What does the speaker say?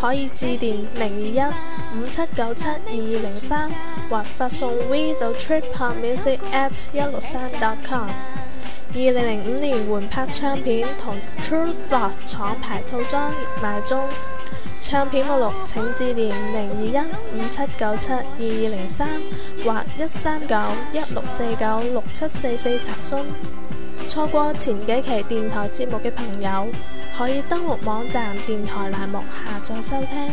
可以致電零二一五七九七二二零三，3, 或發送 v 到 triphopmusic at 一六三點 com。二零零五年，換拍唱片同 True Thought 廠牌套裝熱賣中。唱片目錄請致電零二一五七九七二二零三，3, 或一三九一六四九六七四四查詢。錯過前幾期電台節目嘅朋友。可以登錄網站、電台欄目下載收聽。